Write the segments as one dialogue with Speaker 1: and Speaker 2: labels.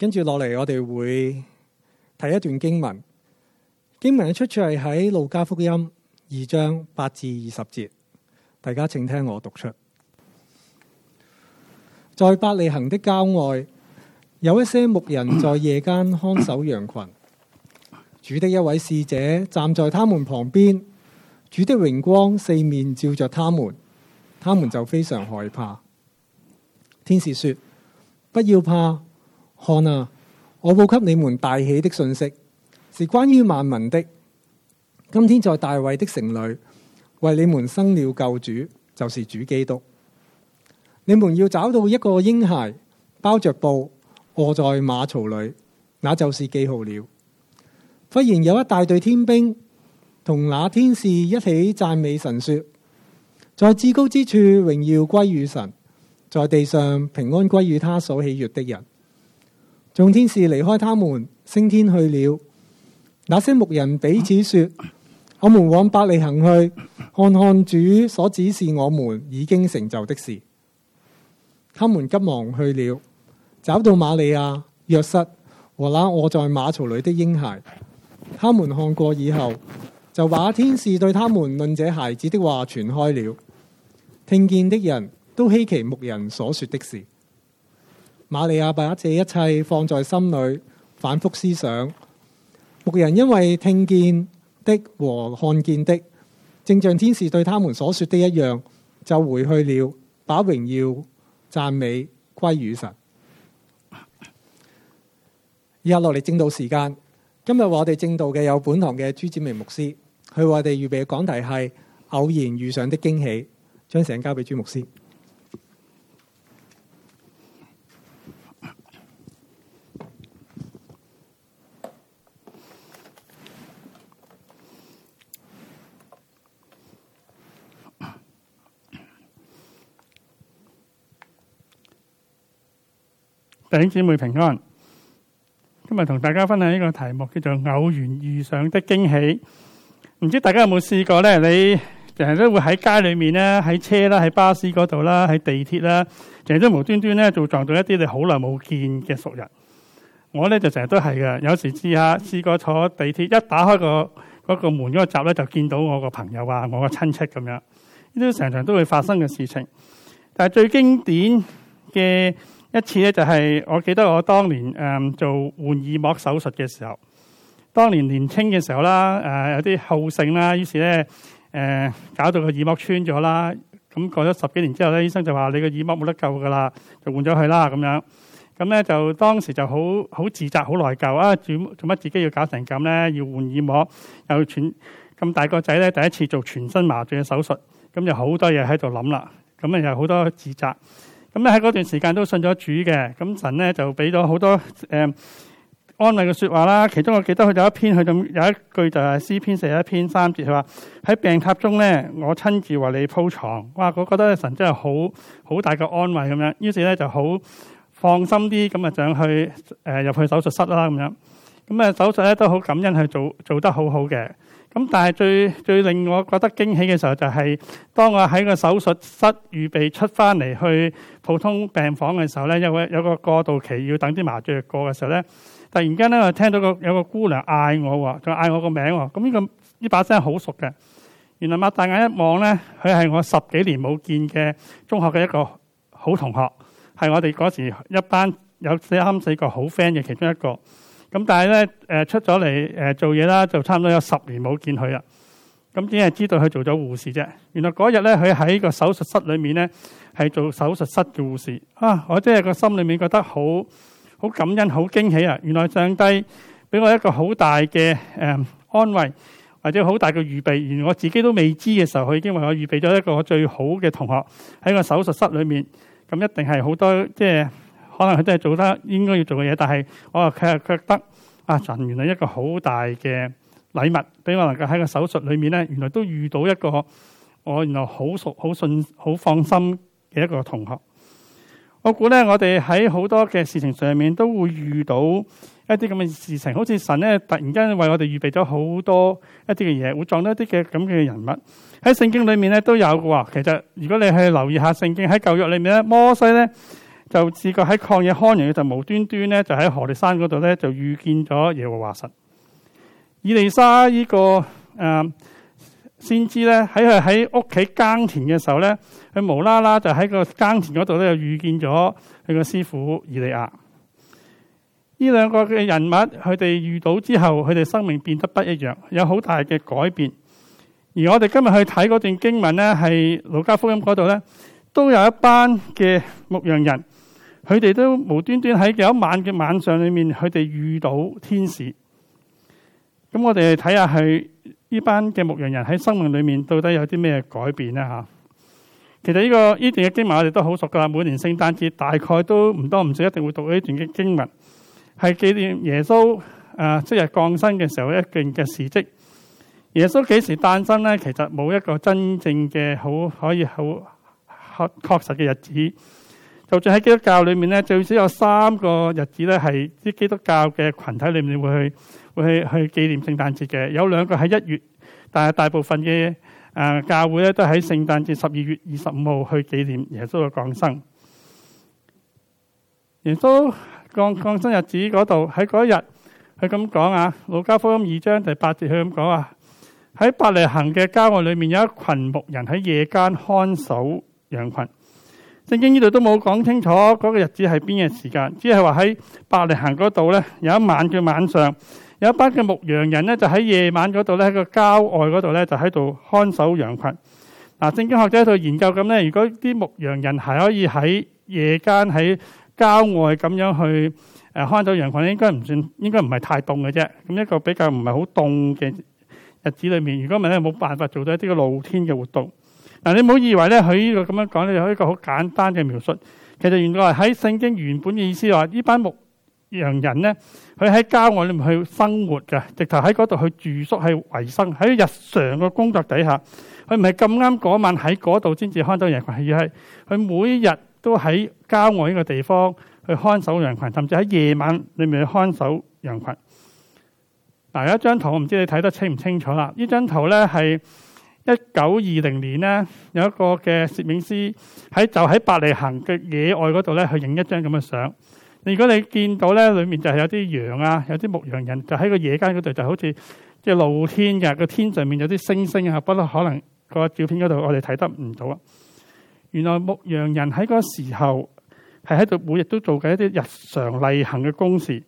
Speaker 1: 跟住落嚟，我哋會睇一段經文。經文嘅出處係喺路加福音二章八至二十節，大家請聽我讀出。在伯利恒的郊外，有一些牧人在夜間看守羊群。主的一位使者站在他們旁邊，主的榮光四面照着他們，他們就非常害怕。天使說：不要怕。看啊！我報給你們大喜的信息，是關於萬民的。今天在大衛的城裏為你們生了救主，就是主基督。你們要找到一個嬰孩，包着布臥在馬槽裏，那就是記號了。忽然有一大隊天兵同那天使一起讚美神，說：在至高之處榮耀歸於神，在地上平安歸於他所喜悅的人。眾天使離開他們，升天去了。那些牧人彼此說：我們往伯利恆去，看看主所指示我們已經成就的事。他們急忙去了，找到瑪利亞、約瑟和那臥在馬槽裏的嬰孩。他們看過以後，就把天使對他們論這孩子的話傳開了。聽見的人都希奇牧人所說的事。瑪利亞把這一切放在心裏，反覆思想。牧人因為聽見的和看見的，正像天使對他們所說的一樣，就回去了，把榮耀讚美歸與神。而家落嚟正道時間，今日話我哋正道嘅，有本堂嘅朱志明牧師，佢話我哋預備嘅講題係偶然遇上的驚喜，將成交俾朱牧師。
Speaker 2: 弟兄姊妹平安，今日同大家分享呢個題目叫做偶然遇上的驚喜。唔知大家有冇試過咧？你成日都會喺街裏面咧，喺車啦，喺巴士嗰度啦，喺地鐵啦，成日都無端端咧就撞到一啲你好耐冇見嘅熟人。我咧就成日都係嘅，有時試下試過坐地鐵，一打開個個門嗰個閘咧，就見到我個朋友啊，我個親戚咁樣，呢啲常常都會發生嘅事情。但係最經典嘅。一次咧就係、是，我記得我當年誒、嗯、做換耳膜手術嘅時候，當年年青嘅時候啦，誒、呃、有啲好勝啦，於是咧誒、呃、搞到個耳膜穿咗啦。咁過咗十幾年之後咧，醫生就話你個耳膜冇得救㗎喇，就換咗佢啦咁樣。咁咧就當時就好好自責，好內疚啊！做做乜自己要搞成咁咧？要換耳膜又全咁大個仔咧，第一次做全身麻醉嘅手術，咁就好多嘢喺度諗啦。咁啊有好多自責。咁咧喺嗰段時間都信咗主嘅，咁神咧就俾咗好多誒、嗯、安慰嘅說話啦。其中我記得佢有一篇，佢咁有一句就係詩篇四十一篇三節，佢話喺病榻中咧，我親自為你鋪床。」哇！我覺得神真係好好大嘅安慰咁樣，於是咧就好放心啲咁啊，想去、呃、入去手術室啦咁樣。咁、嗯、啊手術咧都好感恩，去做做得好好嘅。咁但係最最令我覺得驚喜嘅時候，就係當我喺個手術室預備出翻嚟去普通病房嘅時候咧，有個有個過渡期要等啲麻醉去過嘅時候咧，突然間咧我聽到個有個姑娘嗌我喎，就嗌我個名喎，咁呢個呢把聲好熟嘅，原來擘大眼一望咧，佢係我十幾年冇見嘅中學嘅一個好同學，係我哋嗰時一班有四啱四個好 friend 嘅其中一個。咁但係咧，誒出咗嚟誒做嘢啦，就差唔多有十年冇見佢啦。咁只係知道佢做咗護士啫。原來嗰日咧，佢喺個手術室裏面咧，係做手術室嘅護士。啊，我真係個心裏面覺得好好感恩、好驚喜啊！原來上帝俾我一個好大嘅誒、嗯、安慰，或者好大嘅預備。而我自己都未知嘅時候，佢已經為我預備咗一個我最好嘅同學喺個手術室裏面。咁一定係好多即係。就是可能佢都係做得應該要做嘅嘢，但係我又其實覺得啊，神原來一個好大嘅禮物，俾我能夠喺個手術裏面咧，原來都遇到一個我原來好熟、好信、好放心嘅一個同學。我估咧，我哋喺好多嘅事情上面都會遇到一啲咁嘅事情，好似神咧突然間為我哋預備咗好多一啲嘅嘢，會撞到一啲嘅咁嘅人物。喺聖經裏面咧都有嘅。其實如果你去留意下聖經喺舊約裏面咧，摩西咧。就試過喺抗野康人嘅就無端端咧，就喺何里山嗰度咧，就遇見咗耶和華神。以利沙呢、這個誒、嗯、先知咧，喺佢喺屋企耕田嘅時候咧，佢無啦啦就喺個耕田嗰度咧，就遇見咗佢個師傅以利亞。呢兩個嘅人物，佢哋遇到之後，佢哋生命變得不一樣，有好大嘅改變。而我哋今日去睇嗰段經文咧，係《路加福音》嗰度咧，都有一班嘅牧羊人。佢哋都無端端喺有一晚嘅晚上裏面，佢哋遇到天使。咁我哋睇下係呢班嘅牧羊人喺生命裏面到底有啲咩改變咧？吓，其實呢、呢個呢段嘅經文我哋都好熟噶啦。每年聖誕節大概都唔多唔少一定會讀呢段嘅經文，係紀念耶穌誒即日降生嘅時候一定嘅事跡。耶穌幾時誕生咧？其實冇一個真正嘅好可以好確確實嘅日子。就算喺基督教裏面咧，最少有三個日子咧，係啲基督教嘅群體裏面會去、會去、去紀念聖誕節嘅。有兩個喺一月，但係大部分嘅誒教會咧都喺聖誕節十二月二十五號去紀念耶穌嘅降生。耶穌降降，降生日子嗰度喺嗰一日，佢咁講啊，《路加福音》二章第八節他這樣說，佢咁講啊，喺伯利恒嘅郊外裏面有一群牧人喺夜間看守羊群。聖經呢度都冇講清楚嗰個日子係邊嘅時間，只係話喺伯利恆嗰度咧有一晚，嘅晚上，有一班嘅牧羊人咧就喺夜晚嗰度咧喺個郊外嗰度咧就喺度看守羊群。嗱，聖經學者喺度研究咁咧，如果啲牧羊人係可以喺夜間喺郊外咁樣去誒看守羊群，應該唔算，應該唔係太凍嘅啫。咁一個比較唔係好凍嘅日子裡面，如果唔係咧冇辦法做到一啲嘅露天嘅活動。嗱，你唔好以為咧，佢呢個咁樣講咧，係一個好簡單嘅描述。其實原來喺聖經原本嘅意思話，呢班牧羊人咧，佢喺郊外裏面去生活嘅，直頭喺嗰度去住宿、去維生，喺日常嘅工作底下，佢唔係咁啱嗰晚喺嗰度先至看到羊群，而係佢每日都喺郊外呢個地方去看守羊群，甚至喺夜晚裏面去看守羊群。嗱，有一張圖，我唔知你睇得清唔清楚啦。呢張圖咧係。一九二零年咧，有一個嘅攝影師喺就喺伯利恆嘅野外嗰度咧，去影一張咁嘅相。如果你見到咧，裡面就係有啲羊啊，有啲牧羊人就喺個夜間嗰度，就好似即係露天嘅，個天上面有啲星星啊，不過，可能個照片嗰度我哋睇得唔到啊。原來牧羊人喺嗰時候係喺度每日都做緊一啲日常例行嘅公事。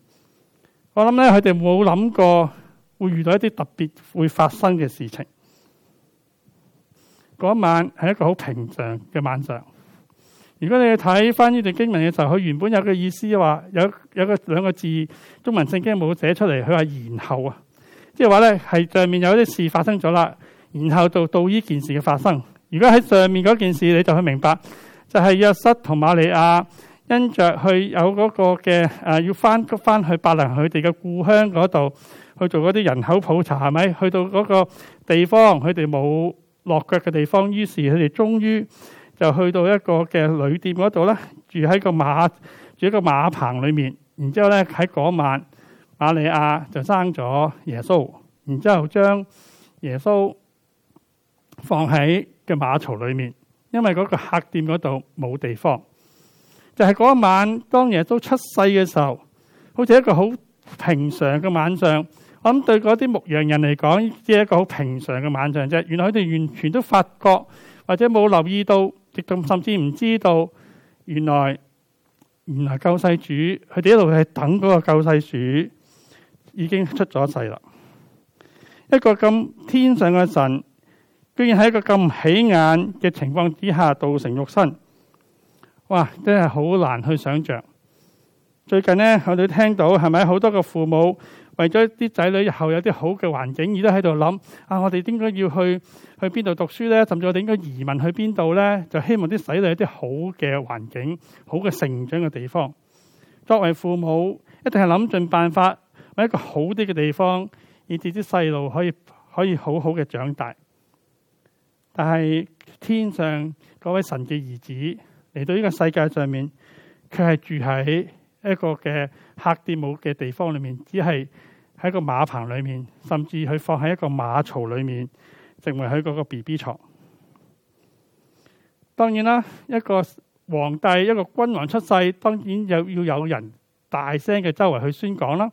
Speaker 2: 我諗咧，佢哋冇諗過會遇到一啲特別會發生嘅事情。嗰晚係一個好平常嘅晚上。如果你睇翻呢段經文嘅時候，佢原本有嘅意思話有有個兩個字，中文聖經冇寫出嚟。佢話然後啊，即係話咧係上面有啲事發生咗啦，然後就到呢件事嘅發生。如果喺上面嗰件事，你就去明白就係約瑟同瑪利亞因着去有嗰個嘅誒，要翻翻去伯林佢哋嘅故鄉嗰度去做嗰啲人口普查，係咪去到嗰個地方，佢哋冇。落腳嘅地方，於是佢哋終於就去到一個嘅旅店嗰度咧，住喺個馬住喺個馬棚裏面，然之後咧喺嗰晚，瑪利亞就生咗耶穌，然之後將耶穌放喺嘅馬槽裏面，因為嗰個客店嗰度冇地方。就係嗰晚當耶穌出世嘅時候，好似一個好平常嘅晚上。我諗，對嗰啲牧羊人嚟講，即係一個好平常嘅晚上啫。原來佢哋完全都發覺，或者冇留意到，亦都甚至唔知道，原來原來救世主佢哋一路係等嗰個救世主已經出咗世啦。一個咁天上嘅神，居然喺一個咁起眼嘅情況之下，道成肉身，哇！真係好難去想象。最近呢，我哋聽到係咪好多個父母？為咗啲仔女以後有啲好嘅環境，而都喺度諗：啊，我哋應該要去去邊度讀書咧？甚至我哋應該移民去邊度咧？就希望啲仔女有啲好嘅環境、好嘅成長嘅地方。作為父母，一定係諗盡辦法揾一個好啲嘅地方，以至啲細路可以可以好好嘅長大。但係天上嗰位神嘅兒子嚟到呢個世界上面，佢係住喺。一個嘅客店冇嘅地方裏面，只係喺個馬棚裏面，甚至佢放喺一個馬槽裏面，成為佢嗰個 B B 床。當然啦，一個皇帝一個君王出世，當然又要有人大聲嘅周圍去宣講啦。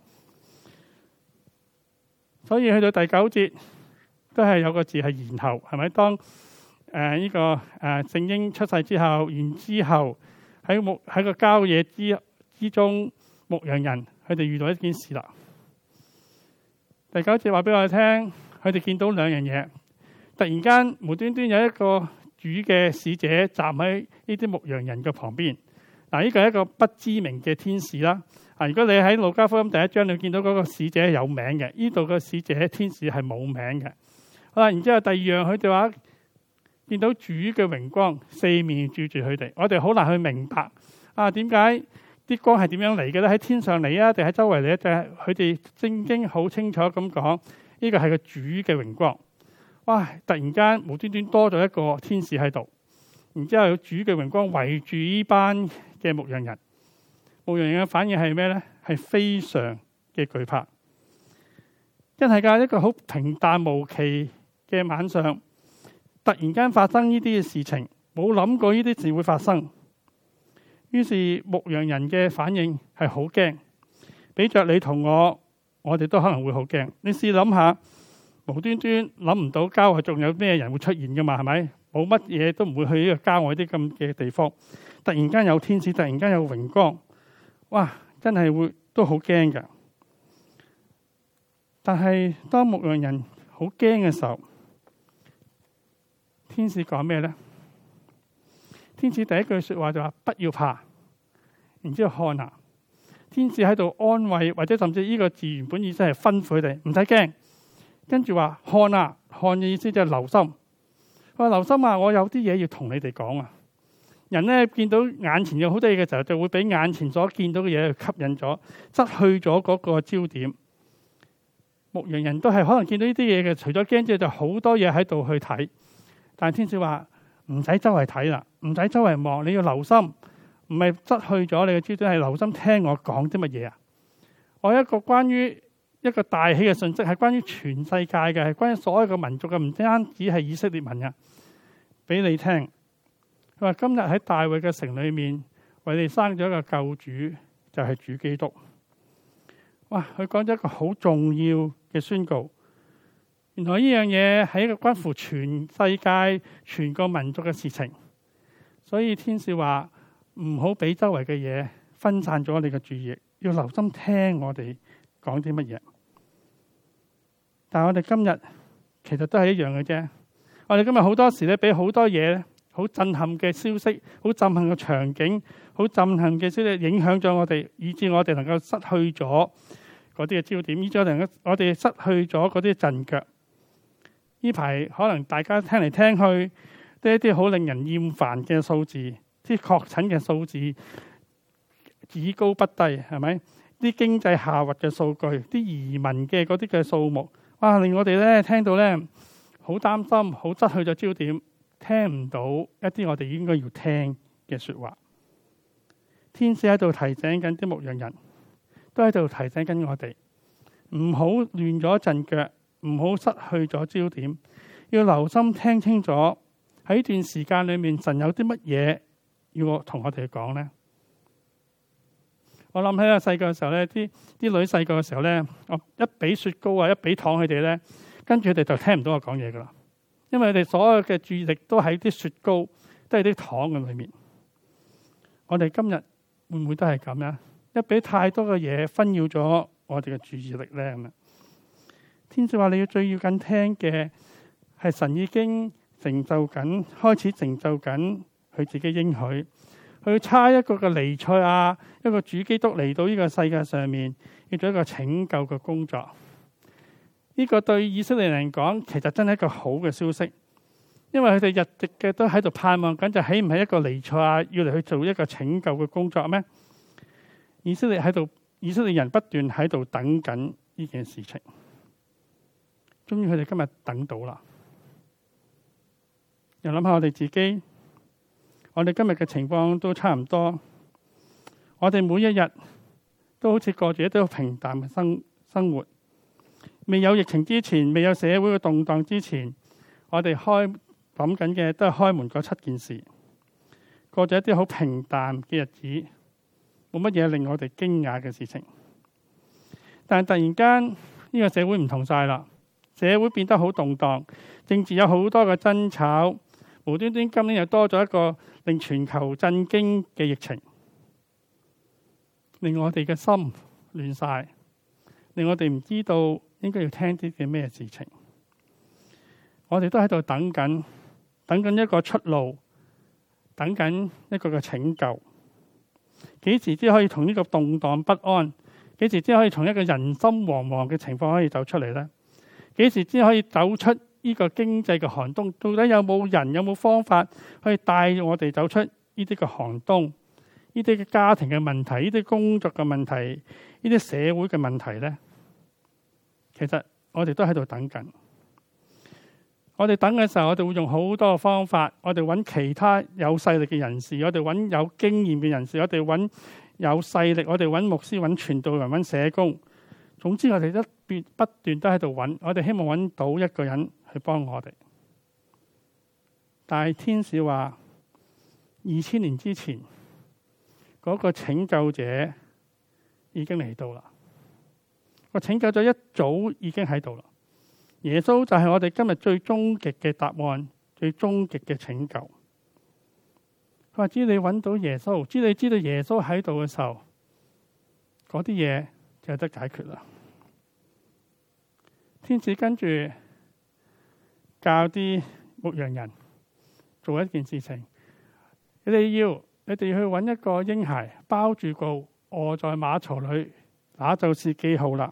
Speaker 2: 所以去到第九節，都係有個字係然後，係咪當，誒呢、呃這個誒聖嬰出世之後，然之後喺木喺個郊野之之中，牧羊人佢哋遇到一件事啦。第九節話俾我哋聽，佢哋見到兩樣嘢。突然間無端端有一個主嘅使者站喺呢啲牧羊人嘅旁邊嗱，呢個係一個不知名嘅天使啦。啊，如果你喺《路加福音》第一章你見到嗰個使者有名嘅，呢度個使者天使係冇名嘅。好啦，然之後第二樣，佢哋話見到主嘅榮光四面住住佢哋，我哋好難去明白啊，點解？啲光係點樣嚟嘅咧？喺天上嚟啊，定喺周圍嚟？即係佢哋正經好清楚咁講，呢個係個主嘅榮光。哇！突然間無端端多咗一個天使喺度，然之後有主嘅榮光圍住呢班嘅牧羊人，牧羊人嘅反應係咩咧？係非常嘅懼怕。真係噶一個好平淡無奇嘅晚上，突然間發生呢啲嘅事情，冇諗過呢啲事會發生。於是牧羊人嘅反應係好驚，畀着你同我，我哋都可能會好驚。你試諗下，無端端諗唔到郊外仲有咩人會出現㗎嘛？係咪？冇乜嘢都唔會去呢個郊外啲咁嘅地方。突然間有天使，突然間有榮光，哇！真係會都好驚㗎。但係當牧羊人好驚嘅時候，天使講咩呢？天使第一句說話就話：不要怕。然之後看啊，天使喺度安慰，或者甚至呢個字原本意思係吩咐佢哋：唔使驚。跟住話看啊，看嘅意思就係留心。佢話留心啊，我有啲嘢要同你哋講啊。人咧見到眼前有好多嘢嘅時候，就會俾眼前所見到嘅嘢吸引咗，失去咗嗰個焦點。牧羊人都係可能見到呢啲嘢嘅，除咗驚之外，就好多嘢喺度去睇。但係天使話。唔使周圍睇啦，唔使周圍望，你要留心，唔係失去咗你嘅專注，係留心聽我講啲乜嘢啊！我有一個關於一個大喜嘅訊息，係關於全世界嘅，係關於所有嘅民族嘅，唔單止係以色列民嘅，俾你聽。佢話今日喺大衛嘅城裏面，為你生咗一個救主，就係主基督。哇！佢講咗一個好重要嘅宣告。原來呢樣嘢係一個關乎全世界、全個民族嘅事情，所以天使話唔好俾周圍嘅嘢分散咗我哋嘅注意力，要留心聽我哋講啲乜嘢。但係我哋今日其實都係一樣嘅啫。我哋今日好多時咧，俾好多嘢，好震撼嘅消息，好震撼嘅場景，好震撼嘅消息影響咗我哋，以至我哋能夠失去咗嗰啲嘅焦點，以至我哋我哋失去咗嗰啲陣腳。呢排可能大家聽嚟聽去都係啲好令人厭煩嘅數字，啲確診嘅數字，以高不低，係咪？啲經濟下滑嘅數據，啲移民嘅嗰啲嘅數目，哇！令我哋咧聽到咧，好擔心，好失去咗焦點，聽唔到一啲我哋應該要聽嘅說話。天使喺度提醒緊啲牧羊人，都喺度提醒緊我哋，唔好亂咗陣腳。唔好失去咗焦點，要留心聽清楚，喺段時間裏面，神有啲乜嘢要跟我同我哋講咧？我諗起我細個嘅時候咧，啲啲女細個嘅時候咧，我一俾雪糕啊，一俾糖佢哋咧，跟住佢哋就聽唔到我講嘢噶啦，因為佢哋所有嘅注意力都喺啲雪糕、都係啲糖嘅裏面。我哋今日會唔會都係咁咧？一俾太多嘅嘢紛擾咗我哋嘅注意力咧？咁啊！天使話：你要最要緊聽嘅係神已經成就緊，開始成就緊佢自己應許。佢差一個嘅尼賽亞，一個主基督嚟到呢個世界上面，要做一個拯救嘅工作。呢、這個對以色列人嚟講，其實真係一個好嘅消息，因為佢哋日直嘅都喺度盼望緊，就係唔係一個尼賽亞要嚟去做一個拯救嘅工作咩？以色列喺度，以色列人不斷喺度等緊呢件事情。終於佢哋今日等到啦。又諗下我哋自己，我哋今日嘅情況都差唔多。我哋每一日都好似過住一啲好平淡嘅生生活。未有疫情之前，未有社會嘅動蕩之前我，我哋開諗緊嘅都係開門嗰七件事，過住一啲好平淡嘅日子，冇乜嘢令我哋驚訝嘅事情。但係突然間呢、呢個社會唔同晒啦。社會變得好動蕩，政治有好多嘅爭吵，無端端今年又多咗一個令全球震驚嘅疫情，令我哋嘅心亂晒，令我哋唔知道應該要聽啲嘅咩事情。我哋都喺度等緊，等緊一個出路，等緊一個嘅拯救。幾時先可以同呢個動蕩不安？幾時先可以同一個人心惶惶嘅情況可以走出嚟呢？幾時先可以走出呢個經濟嘅寒冬？到底有冇人，有冇方法可以帶我哋走出呢啲嘅寒冬？呢啲嘅家庭嘅問題，呢啲工作嘅問題，呢啲社會嘅問題呢？其實我哋都喺度等緊。我哋等嘅時候，我哋會用好多方法，我哋揾其他有勢力嘅人士，我哋揾有經驗嘅人士，我哋揾有勢力，我哋揾牧師，揾傳道人，揾社工。總之，我哋都……不斷都喺度揾，我哋希望揾到一個人去幫我哋。但係天使話，二千年之前嗰、嗰個拯救者已經嚟到啦。我、嗰個、拯救咗一早已經喺度啦。耶穌就係我哋今日最終極嘅答案，最終極嘅拯救。佢話：，知你揾到耶穌，知你知道耶穌喺度嘅時候，嗰啲嘢就有得解決啦。天使跟住教啲牧羊人做一件事情，你哋要你哋去揾一個嬰孩包住布卧在馬槽裏，那就是記號啦。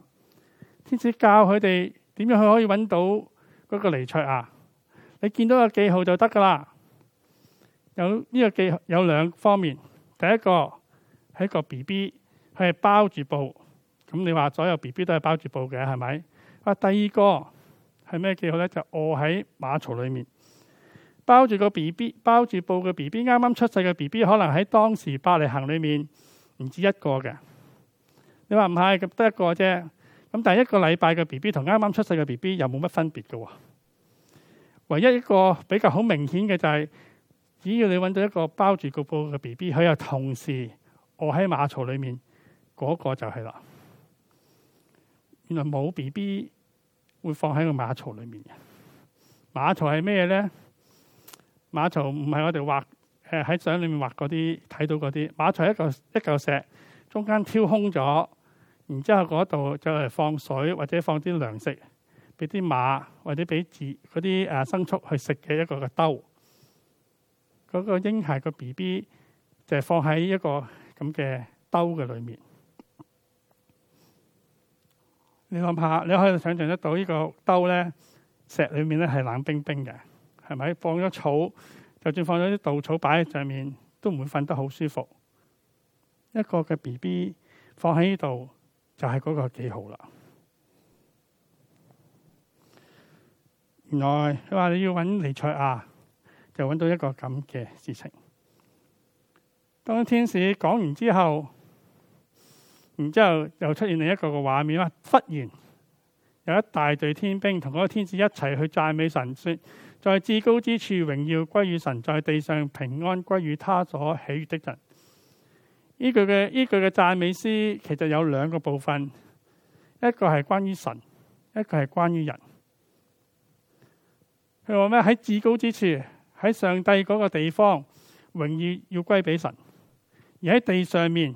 Speaker 2: 天使教佢哋點樣佢可以揾到嗰個彌賽亞？你見到個記號就得噶啦。有呢、這個記號有兩方面，第一個係個 B B，佢係包住布咁。你話所有 B B 都係包住布嘅，係咪？啊，第二個係咩記號咧？就卧、是、喺馬槽裏面，包住個 B B，包住布嘅 B B，啱啱出世嘅 B B，可能喺當時伯利恆裏面唔止一個嘅。你話唔係咁，得一個啫。咁但係一個禮拜嘅 B B 同啱啱出世嘅 B B 又冇乜分別嘅。唯一一個比較好明顯嘅就係、是，只要你揾到一個包住個布嘅 B B，佢又同時卧喺馬槽裏面，嗰、那個就係啦。原來冇 B B。會放喺個馬槽裏面嘅，馬槽係咩咧？馬槽唔係我哋畫誒喺相裏面畫嗰啲睇到嗰啲馬槽，是是馬槽是一，一嚿一嚿石中間挑空咗，然之後嗰度就係放水或者放啲糧食俾啲馬或者俾自嗰啲誒牲畜去食嘅一個嘅兜。嗰、那個嬰孩個 B B 就係放喺一個咁嘅兜嘅裏面。你諗下，你可以想象得到呢個兜呢，石裏面係冷冰冰嘅，係咪？放咗草，就算放咗啲稻草擺喺上面，都唔會瞓得好舒服。一個嘅 B B 放喺呢度，就係嗰個記號啦。原來佢話你要搵彌賽亞啊，就搵到一個咁嘅事情。當天使講完之後。然之後又出現另一個個畫面啦，忽然有一大隊天兵同嗰個天使一齊去讚美神，說：在至高之處榮耀歸於神，在地上平安歸於他所喜悅的人。依句嘅依句嘅讚美詩其實有兩個部分，一個係關於神，一個係關於人。佢話咩？喺至高之處，喺上帝嗰個地方，榮耀要歸俾神；而喺地上面，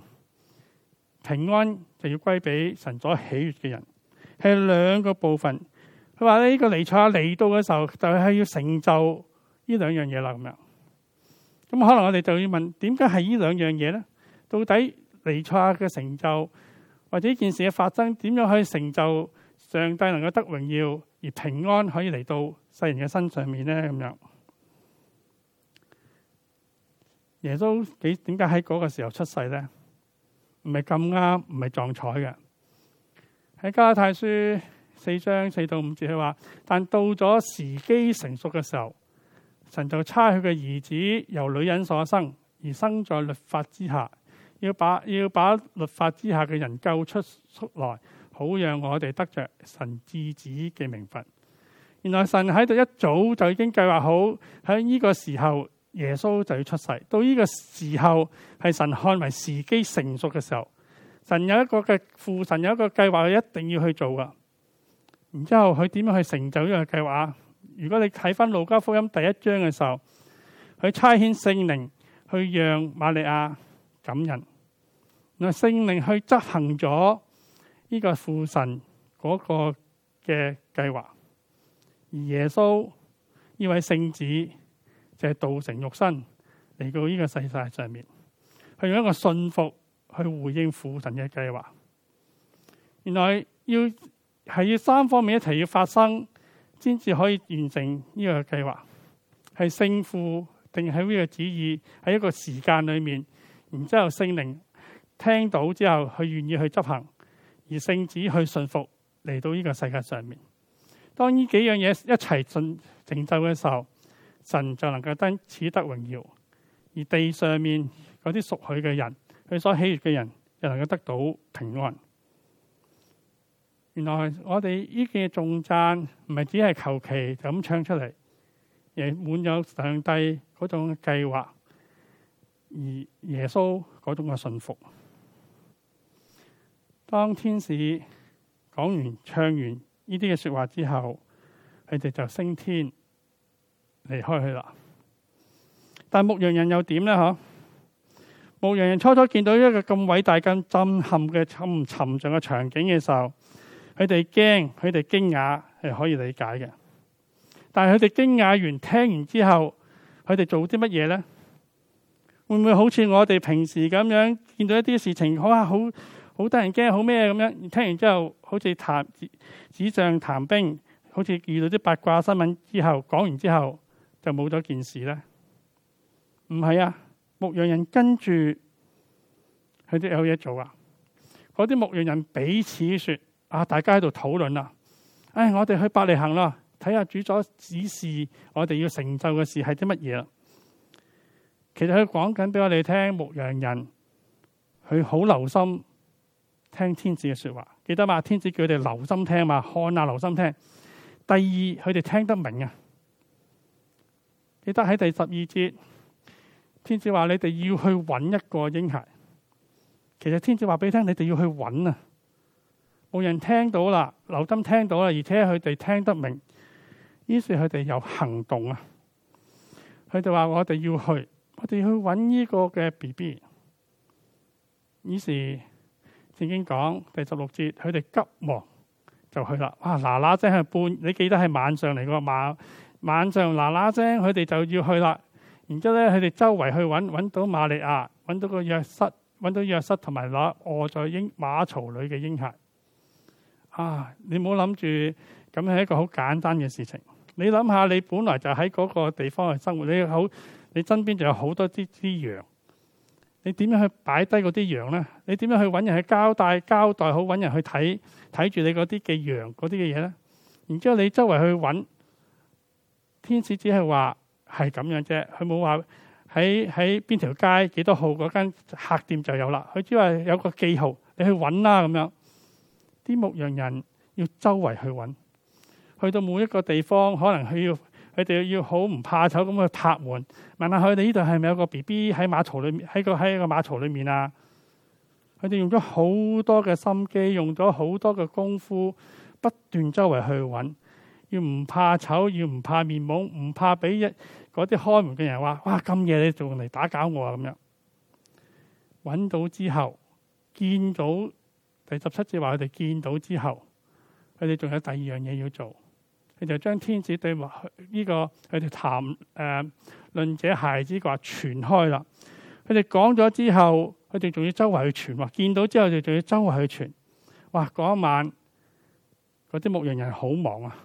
Speaker 2: 平安就要歸俾神所喜悦嘅人，係兩個部分。佢話咧呢個彌賽亞嚟到嘅時候，就係、是、要成就呢兩樣嘢啦咁樣。咁可能我哋就要問，點解係呢兩樣嘢咧？到底彌賽亞嘅成就或者呢件事嘅發生，點樣可以成就上帝能夠得榮耀而平安可以嚟到世人嘅身上面咧？咁樣。耶穌幾點解喺嗰個時候出世咧？唔係咁啱，唔係撞彩嘅。喺加拉太書四章四到五節佢話：「但到咗時機成熟嘅時候，神就差佢嘅兒子由女人所生，而生在律法之下，要把要把律法之下嘅人救出出來，好讓我哋得着神智子子嘅名分。」原來神喺度一早就已經計劃好，喺呢個時候。耶穌就要出世，到呢個時候係神看為時機成熟嘅時候，神有一個嘅父神有一個計劃，佢一定要去做噶。然之後佢點樣去成就呢個計劃？如果你睇翻路加福音第一章嘅時候，佢差遣聖靈去讓瑪利亞感人，嗱聖靈去執行咗呢個父神嗰個嘅計劃，而耶穌呢位聖子。就係道成肉身嚟到呢個世界上面，去用一個信服去回應父神嘅計劃。原來要係要三方面一齊要發生，先至可以完成呢個計劃。係聖父定喺呢個旨意，喺一個時間裏面，然之後聖靈聽到之後，佢願意去執行，而聖子去信服嚟到呢個世界上面。當呢幾樣嘢一齊進成就嘅時候。神就能夠得此得榮耀，而地上面嗰啲屬佢嘅人，佢所喜悅嘅人，又能夠得到平安。原來我哋呢嘅頌讚唔係只係求其就咁唱出嚟，而滿有上帝嗰種計劃，而耶穌嗰種嘅信服。當天使講完唱完呢啲嘅說話之後，佢哋就升天。離開去啦。但牧羊人又點咧？吓，牧羊人初初見到一個咁偉大、咁震撼嘅、咁沉重嘅場景嘅時候，佢哋驚，佢哋驚訝係可以理解嘅。但係佢哋驚訝完，聽完之後，佢哋做啲乜嘢咧？會唔會好似我哋平時咁樣見到一啲事情，好好得人驚，好咩咁樣？聽完之後，好似談紙上談兵，好似遇到啲八卦新聞之後，講完之後。就冇咗件事咧？唔係啊，牧羊人跟住佢啲有嘢做啊！嗰啲牧羊人彼此說：啊，大家喺度討論啦、啊。哎，我哋去伯利恆啦，睇下主所指示我哋要成就嘅事係啲乜嘢啦。其實佢講緊俾我哋聽，牧羊人佢好留心聽天使嘅說話。記得嘛，天使叫佢哋留心聽嘛，看啊，留心聽。第二，佢哋聽得明啊。記得喺第十二節，天使話你哋要去揾一個嬰孩。其實天使話俾你聽，你哋要去揾啊！冇人聽到啦，劉金聽到啦，而且佢哋聽得明，於是佢哋有行動啊！佢哋話我哋要去，我哋去揾呢個嘅 B B。於是聖經講第十六節，佢哋急忙就去啦。哇！嗱嗱即係半，你記得係晚上嚟個馬。晚上嗱嗱聲，佢哋就要去啦。然之後咧，佢哋周圍去揾，揾到瑪利亞，揾到個約瑟，揾到約瑟同埋攞卧在鷹馬槽裏嘅嬰孩。啊，你唔好諗住咁係一個好簡單嘅事情。你諗下，你本來就喺嗰個地方去生活，你好，你身邊就有好多啲啲羊。你點樣去擺低嗰啲羊咧？你點樣去揾人去交代？交代好，揾人去睇睇住你嗰啲嘅羊嗰啲嘅嘢咧。然之後你周圍去揾。天使只係話係咁樣啫，佢冇話喺喺邊條街幾多號嗰間客店就有啦。佢只係有個記號，你去揾啦咁樣。啲牧羊人要周圍去揾，去到每一個地方，可能佢要佢哋要好唔怕醜咁去拍門，問下佢哋呢度係咪有個 BB 喺馬槽裏面？喺個喺個馬槽裏面啊！佢哋用咗好多嘅心機，用咗好多嘅功夫，不斷周圍去揾。要唔怕醜，要唔怕面懵，唔怕俾一嗰啲開門嘅人話：哇！咁夜你仲嚟打攪我啊？咁樣搵到之後，見到第十七節話佢哋見到之後，佢哋仲有第二樣嘢要做，佢就將天使對話、這、呢個佢哋談誒、呃、論者孩子話傳開啦。佢哋講咗之後，佢哋仲要周圍去傳，或見到之後，佢仲要周圍去傳。哇！嗰一晚嗰啲牧羊人好忙啊！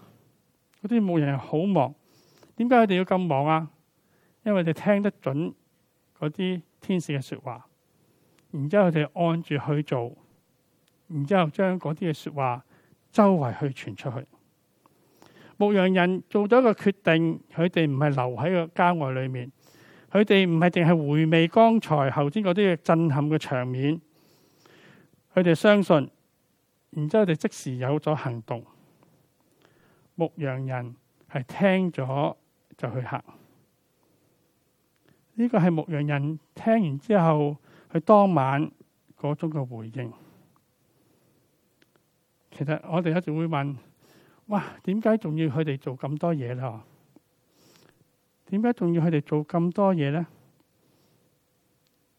Speaker 2: 啲牧人好忙，點解佢哋要咁忙啊？因為佢哋聽得準嗰啲天使嘅說話，然之後佢哋按住去做，然之後將嗰啲嘅說話周圍去傳出去。牧羊人做咗一個決定，佢哋唔係留喺個郊外裏面，佢哋唔係淨係回味剛才後天嗰啲嘅震撼嘅場面，佢哋相信，然之後佢哋即時有咗行動。牧羊人係聽咗就去行，呢個係牧羊人聽完之後，佢當晚嗰種嘅回應。其實我哋一直會問：哇，點解仲要佢哋做咁多嘢咧？點解仲要佢哋做咁多嘢咧？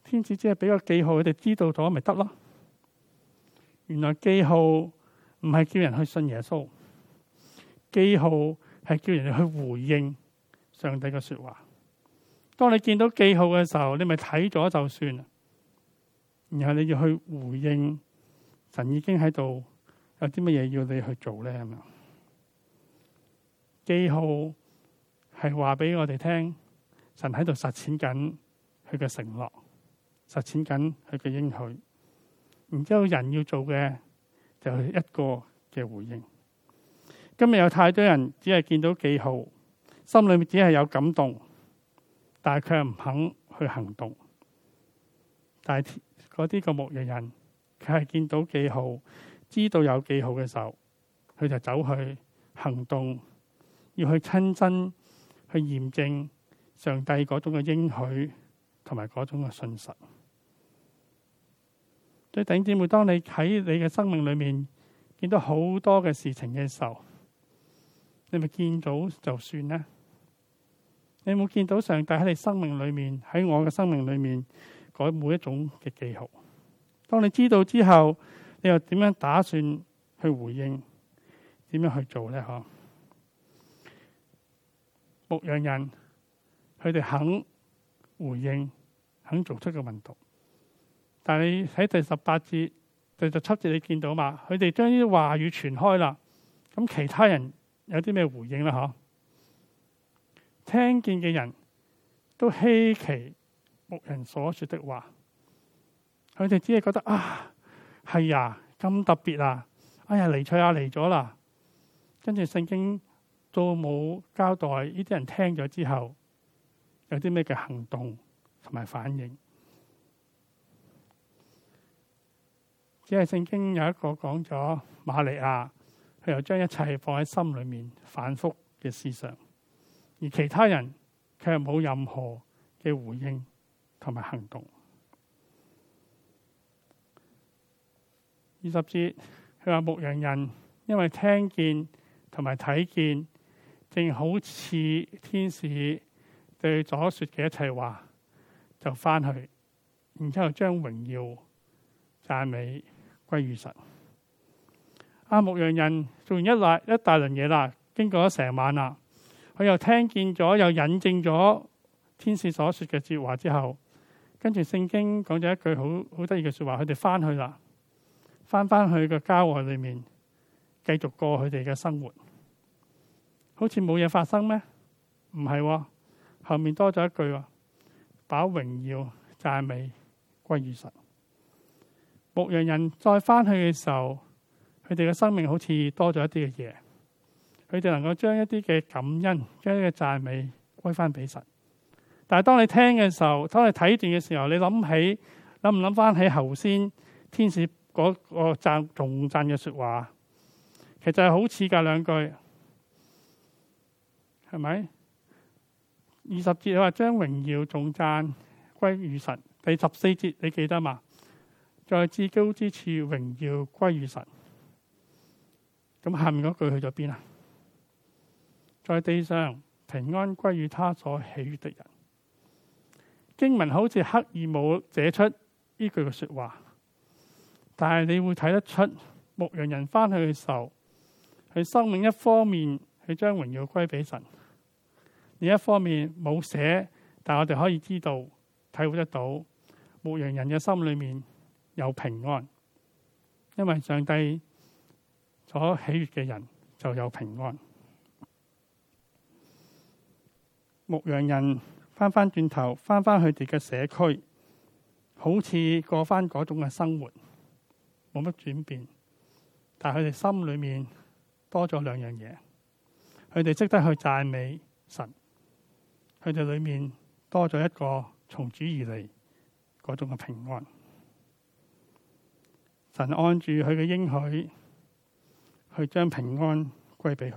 Speaker 2: 天使只係俾個記號，佢哋知道咗咪得咯？原來記號唔係叫人去信耶穌。記號係叫人去回應上帝嘅說話。當你見到記號嘅時候，你咪睇咗就算啦。然後你要去回應，神已經喺度有啲乜嘢要你去做咧，係咪？記號係話俾我哋聽，神喺度實踐緊佢嘅承諾，實踐緊佢嘅應許。然之後人要做嘅就係、是、一個嘅回應。今日有太多人只係見到記號，心裏面只係有感動，但係佢又唔肯去行動。但係嗰啲個牧羊人，佢係見到記號，知道有記號嘅時候，佢就走去行動，要去親身去驗證上帝嗰種嘅應許同埋嗰種嘅信實。所以弟兄姐妹，每當你喺你嘅生命裏面見到好多嘅事情嘅時候，你咪見到就算呢？你有冇見到上帝喺你生命裏面，喺我嘅生命裏面改每一種嘅記號？當你知道之後，你又點樣打算去回應？點樣去做呢？嗬？牧羊人佢哋肯回應，肯做出個行動。但係喺第十八節、第十七節你見到嘛？佢哋將呢啲話語傳開啦。咁其他人？有啲咩回應啦？嗬，聽見嘅人都稀奇牧人所說的話，佢哋只係覺得啊，係啊，咁特別啊，哎呀，彌賽亞嚟咗啦，跟住、啊、聖經都冇交代呢啲人聽咗之後有啲咩嘅行動同埋反應，只係聖經有一個講咗瑪利亞。又將一切放喺心裏面反覆嘅思想，而其他人卻冇任何嘅回應同埋行動。二十節，佢話牧羊人因為聽見同埋睇見，正好似天使對咗說嘅一切話，就翻去，然之後將榮耀讚美歸於神。阿牧羊人做完一大一大輪嘢啦，經過咗成晚啦，佢又聽見咗，又引證咗天使所說嘅說話之後，跟住聖經講咗一句好好得意嘅說話：，佢哋翻去啦，翻翻去個郊外裏面繼續過佢哋嘅生活，好似冇嘢發生咩？唔係，啊，後面多咗一句：，把榮耀讚美歸於神。牧羊人再翻去嘅時候。佢哋嘅生命好似多咗一啲嘅嘢，佢哋能夠將一啲嘅感恩、將一啲嘅讚美歸翻俾神。但係當你聽嘅時候，當你睇段嘅時候，你諗起諗唔諗翻起頭先天使嗰個讚頌讚嘅說話？其實係好似噶兩句，係咪二十節佢話將榮耀頌讚歸於神，第十四節你記得嘛？在至高之處，榮耀歸於神。咁下面嗰句去咗邊啊？在地上平安歸於他所喜悦的人。經文好似刻意冇寫出呢句嘅說話，但係你會睇得出牧羊人翻去嘅時候，佢生命一方面係將榮耀歸俾神，另一方面冇寫，但我哋可以知道體會得到牧羊人嘅心裏面有平安，因為上帝。所喜悅嘅人就有平安。牧羊人翻返轉頭，翻返佢哋嘅社區，好似過返嗰種嘅生活，冇乜轉變。但係佢哋心裏面多咗兩樣嘢，佢哋識得去讚美神，佢哋裏面多咗一個從主而嚟嗰種嘅平安。神按住佢嘅應許。去將平安歸俾佢。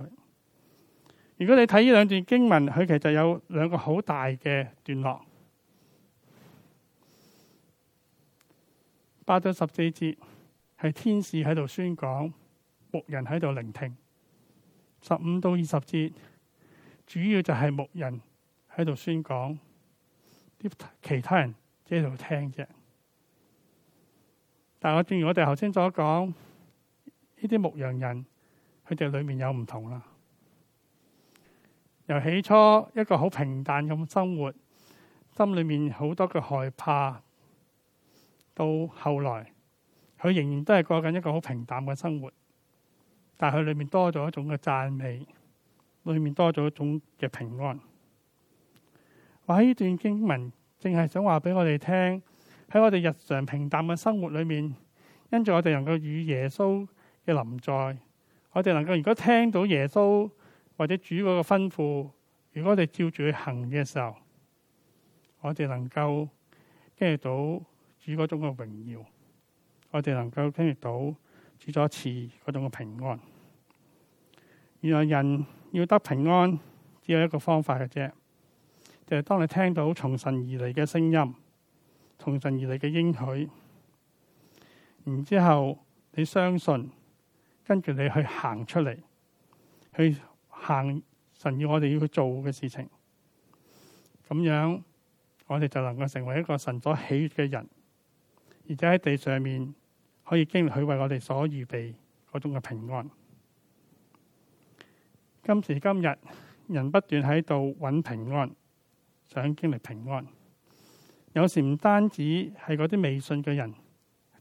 Speaker 2: 如果你睇呢兩段經文，佢其實有兩個好大嘅段落。八到十四節係天使喺度宣講，牧人喺度聆聽；十五到二十節主要就係牧人喺度宣講，其他人只喺度聽啫。但我正如我哋頭先所講，呢啲牧羊人。佢哋裏面有唔同啦。由起初一個好平淡咁生活，心裏面好多嘅害怕，到後來佢仍然都係過緊一個好平淡嘅生活，但係佢裏面多咗一種嘅讚美，裏面多咗一種嘅平安。話喺呢段經文是，淨係想話俾我哋聽，喺我哋日常平淡嘅生活裏面，因着我哋能夠與耶穌嘅臨在。我哋能夠如果聽到耶穌或者主嗰個吩咐，如果我哋照住去行嘅時候，我哋能夠經歷到主嗰種嘅榮耀；我哋能夠經歷到主所賜嗰種嘅平安。原來人要得平安只有一個方法嘅啫，就係、是、當你聽到從神而嚟嘅聲音，從神而嚟嘅應許，然之後你相信。跟住你去行出嚟，去行神要我哋要去做嘅事情，咁樣我哋就能夠成為一個神所喜悅嘅人，而且喺地上面可以經歷佢為我哋所預備嗰種嘅平安。今時今日，人不斷喺度揾平安，想經歷平安。有時唔單止係嗰啲未信嘅人，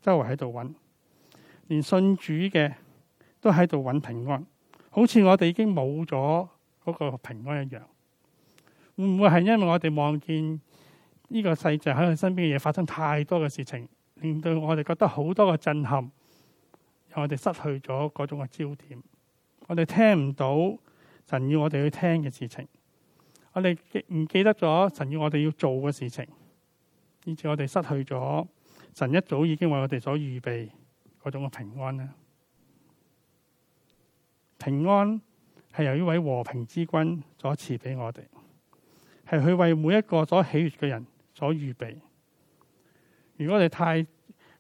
Speaker 2: 周圍喺度揾，連信主嘅。都喺度揾平安，好似我哋已經冇咗嗰個平安一樣。會唔會係因為我哋望見呢個世界喺佢身邊嘅嘢發生太多嘅事情，令到我哋覺得好多嘅震撼，讓我哋失去咗嗰種嘅焦點。我哋聽唔到神要我哋去聽嘅事情，我哋記唔記得咗神要我哋要做嘅事情，以致我哋失去咗神一早已經為我哋所預備嗰種嘅平安呢？平安係由一位和平之君所賜俾我哋，係佢為每一個所喜悦嘅人所預備。如果我哋太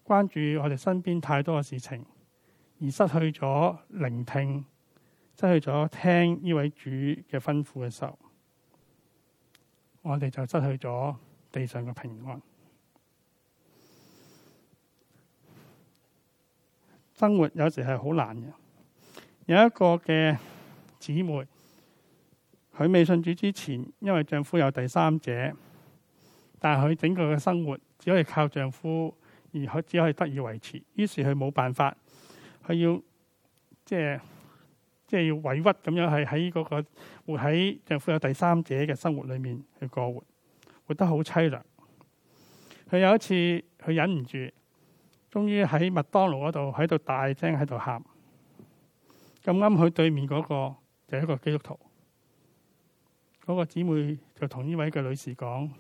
Speaker 2: 關注我哋身邊太多嘅事情，而失去咗聆聽，失去咗聽呢位主嘅吩咐嘅時候，我哋就失去咗地上嘅平安。生活有時係好難嘅。有一個嘅姊妹，佢未信主之前，因為丈夫有第三者，但係佢整個嘅生活只可以靠丈夫而可只可以得以維持，於是佢冇辦法，佢要即係即係要委屈咁樣，係喺嗰個活喺丈夫有第三者嘅生活裏面去過活，活得好淒涼。佢有一次佢忍唔住，終於喺麥當勞度喺度大聲喺度喊。在咁啱佢對面嗰、那個就是、一個基督徒，嗰、那個姊妹就同呢位嘅女士講：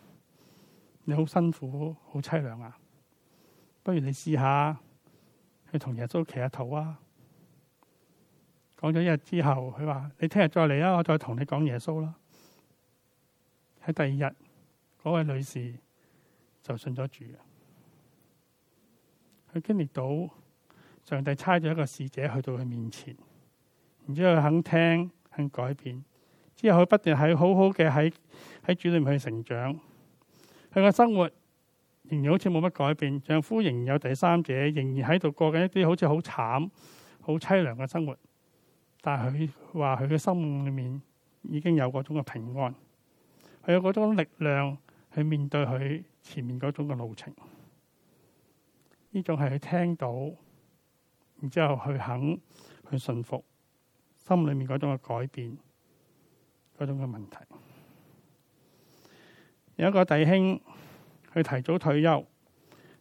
Speaker 2: 你好辛苦，好淒涼啊！不如你試下去同耶穌祈下禱啊！講咗一日之後，佢話：你聽日再嚟啦，我再同你講耶穌啦。喺第二日，嗰位女士就信咗主。佢經歷到上帝差咗一個使者去到佢面前。然之後佢肯聽，肯改變。之後佢不斷喺好好嘅喺喺主裏面去成長。佢嘅生活仍然好似冇乜改變，丈夫仍然有第三者，仍然喺度過緊一啲好似好慘、好凄涼嘅生活。但係佢話佢嘅心裏面已經有嗰種嘅平安，佢有嗰種力量去面對佢前面嗰種嘅路程。呢種係佢聽到，然之後佢肯去信服。心裏面嗰種嘅改變，嗰種嘅問題，有一個弟兄去提早退休，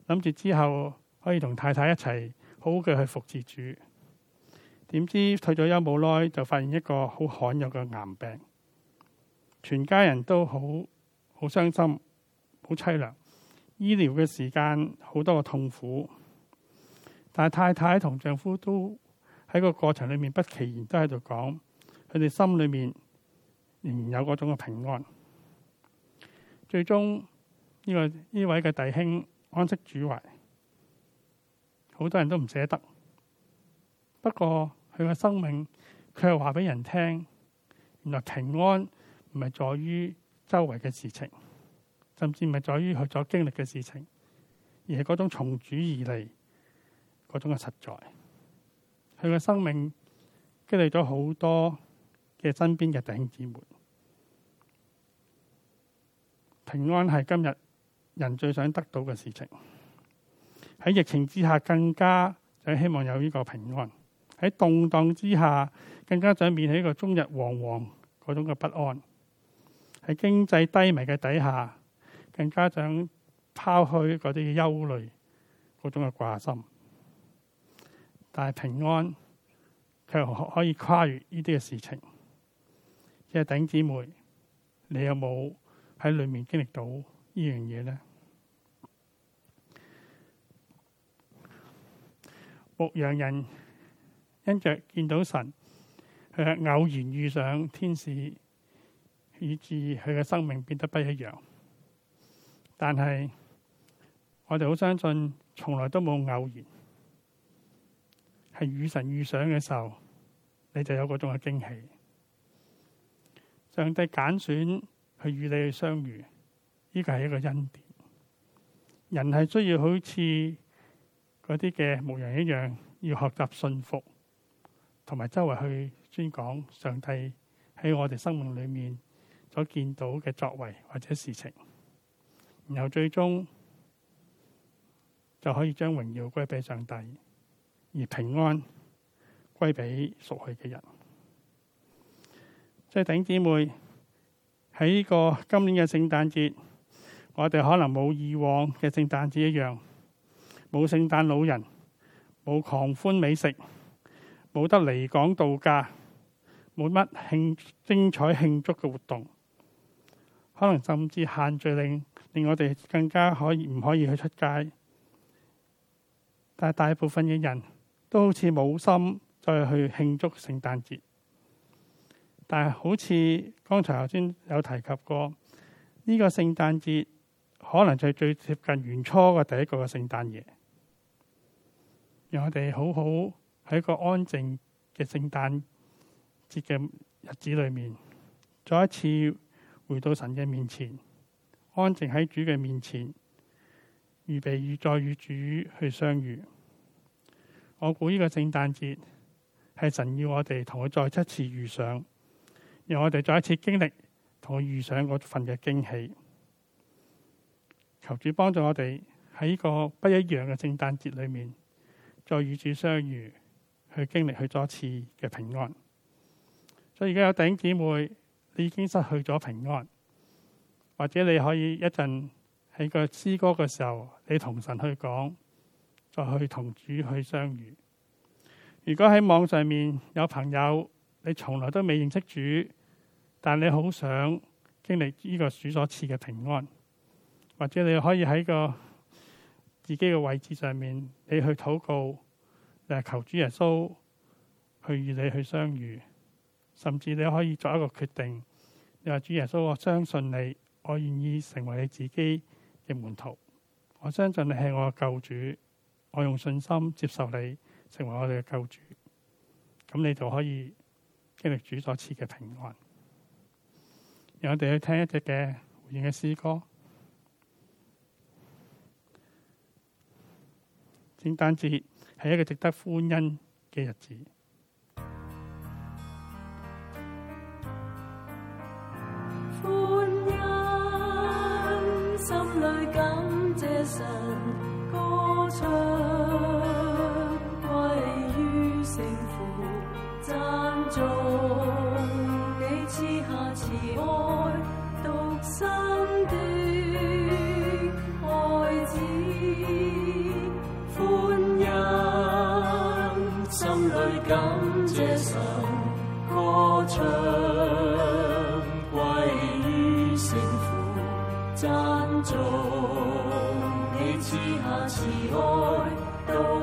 Speaker 2: 諗住之後可以同太太一齊好好嘅去服侍主。點知退咗休冇耐就發現一個好罕有嘅癌病，全家人都好好傷心、好淒涼，醫療嘅時間好多嘅痛苦，但係太太同丈夫都。喺個過程裏面，不其然都喺度講，佢哋心裏面仍然有嗰種嘅平安。最終呢個呢位嘅弟兄安息主懷，好多人都唔捨得。不過佢嘅生命，佢又話俾人聽，原來平安唔係在於周圍嘅事情，甚至唔係在於佢所經歷嘅事情，而係嗰種從主而嚟，嗰種嘅實在。佢嘅生命激勵咗好多嘅身邊嘅弟兄姊妹，平安係今日人最想得到嘅事情。喺疫情之下更加想希望有呢個平安；喺動蕩之下更加想免起個終日惶惶嗰種嘅不安；喺經濟低迷嘅底下更加想拋去嗰啲憂慮、嗰種嘅掛心。但係平安卻可以跨越呢啲嘅事情。即係頂姊妹，你有冇喺裏面經歷到呢樣嘢呢？牧羊人因着見到神，佢係偶然遇上天使，以致佢嘅生命變得不一樣。但係我哋好相信，從來都冇偶然。係與神遇上嘅時候，你就有嗰種嘅驚喜。上帝揀選去與你去相遇，呢個係一個恩典。人係需要好似嗰啲嘅牧羊一樣，要學習信服，同埋周圍去宣講上帝喺我哋生命裏面所見到嘅作為或者事情，然後最終就可以將榮耀歸俾上帝。而平安歸俾熟去嘅人，即係頂姊妹喺呢個今年嘅聖誕節，我哋可能冇以往嘅聖誕節一樣，冇聖誕老人，冇狂歡美食，冇得離港度假，冇乜慶精彩慶祝嘅活動，可能甚至限聚令令我哋更加可以唔可以去出街，但係大部分嘅人，都好似冇心再去慶祝聖誕節，但係好似剛才頭先有提及過，呢個聖誕節可能就係最接近元初嘅第一個嘅聖誕夜，讓我哋好好喺一個安靜嘅聖誕節嘅日子裏面，再一次回到神嘅面前，安靜喺主嘅面前，預備與再與主去相遇。我估呢個聖誕節係神要我哋同佢再一次遇上，讓我哋再一次經歷同佢遇上嗰份嘅驚喜。求主幫助我哋喺呢個不一樣嘅聖誕節裏面，再與主相遇，去經歷去咗一次嘅平安。所以而家有頂姊妹，你已經失去咗平安，或者你可以一陣喺個詩歌嘅時候，你同神去講。去同主去相遇。如果喺網上面有朋友，你從來都未認識主，但你好想經歷呢個主所賜嘅平安，或者你可以喺個自己嘅位置上面，你去禱告，你求主耶穌去與你去相遇。甚至你可以作一個決定，你話主耶穌，我相信你，我願意成為你自己嘅門徒。我相信你係我嘅救主。我用信心接受你成為我哋嘅救主，咁你就可以經歷主所賜嘅平安。讓我哋去聽一隻嘅回應嘅詩歌。聖誕節係一個值得歡欣嘅日子。歡
Speaker 3: 欣，心裏感謝神。歌唱歸於聖父，讚頌你賜下慈愛，獨生的愛子，歡欣心裏感謝神。聲歌唱歸於聖父，讚頌。贊頌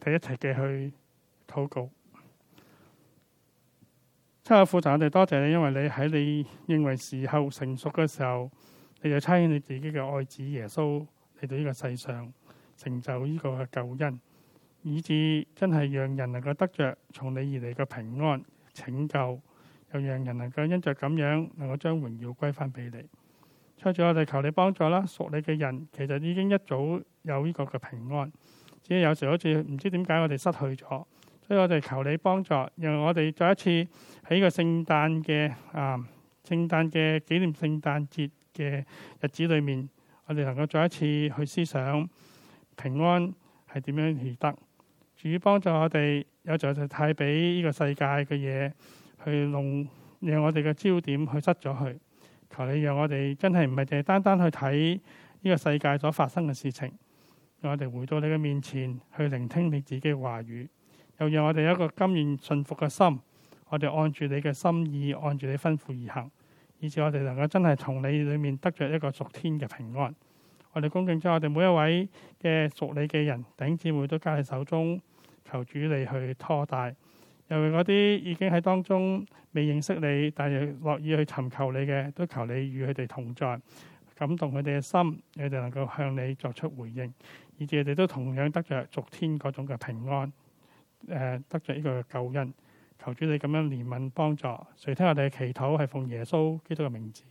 Speaker 2: 第一齊嘅去禱告，七下副執，我哋多謝你，因為你喺你認為時候成熟嘅時候，你就差遣你自己嘅愛子耶穌嚟到呢個世上，成就呢個嘅救恩，以致真係讓人能夠得着從你而嚟嘅平安拯救，又讓人能夠因着咁樣，能夠將榮耀歸翻俾你。七友，我哋求你幫助啦，屬你嘅人其實已經一早有呢個嘅平安。只係有時好似唔知點解我哋失去咗，所以我哋求你幫助，讓我哋再一次喺呢個聖誕嘅，啊聖誕嘅紀念聖誕節嘅日子裏面，我哋能夠再一次去思想平安係點樣而得，主幫助我哋，有時候就太俾呢個世界嘅嘢去弄，讓我哋嘅焦點去失咗佢。求你讓我哋真係唔係淨係單單去睇呢個世界所發生嘅事情。讓我哋回到你嘅面前，去聆聽你自己嘅話語；又讓我哋有一個甘願信服嘅心，我哋按住你嘅心意，按住你吩咐而行，以致我哋能夠真係從你裏面得着一個屬天嘅平安。我哋恭敬將我哋每一位嘅屬你嘅人、弟兄姊妹都交喺手中，求主你去拖帶；又為嗰啲已經喺當中未認識你，但係樂意去尋求你嘅，都求你與佢哋同在，感動佢哋嘅心，佢哋能夠向你作出回應。以至佢哋都同樣得着昨天嗰種嘅平安，得着呢個救恩，求主你咁樣憐憫幫助。垂聽我哋嘅祈禱係奉耶穌基督嘅名字。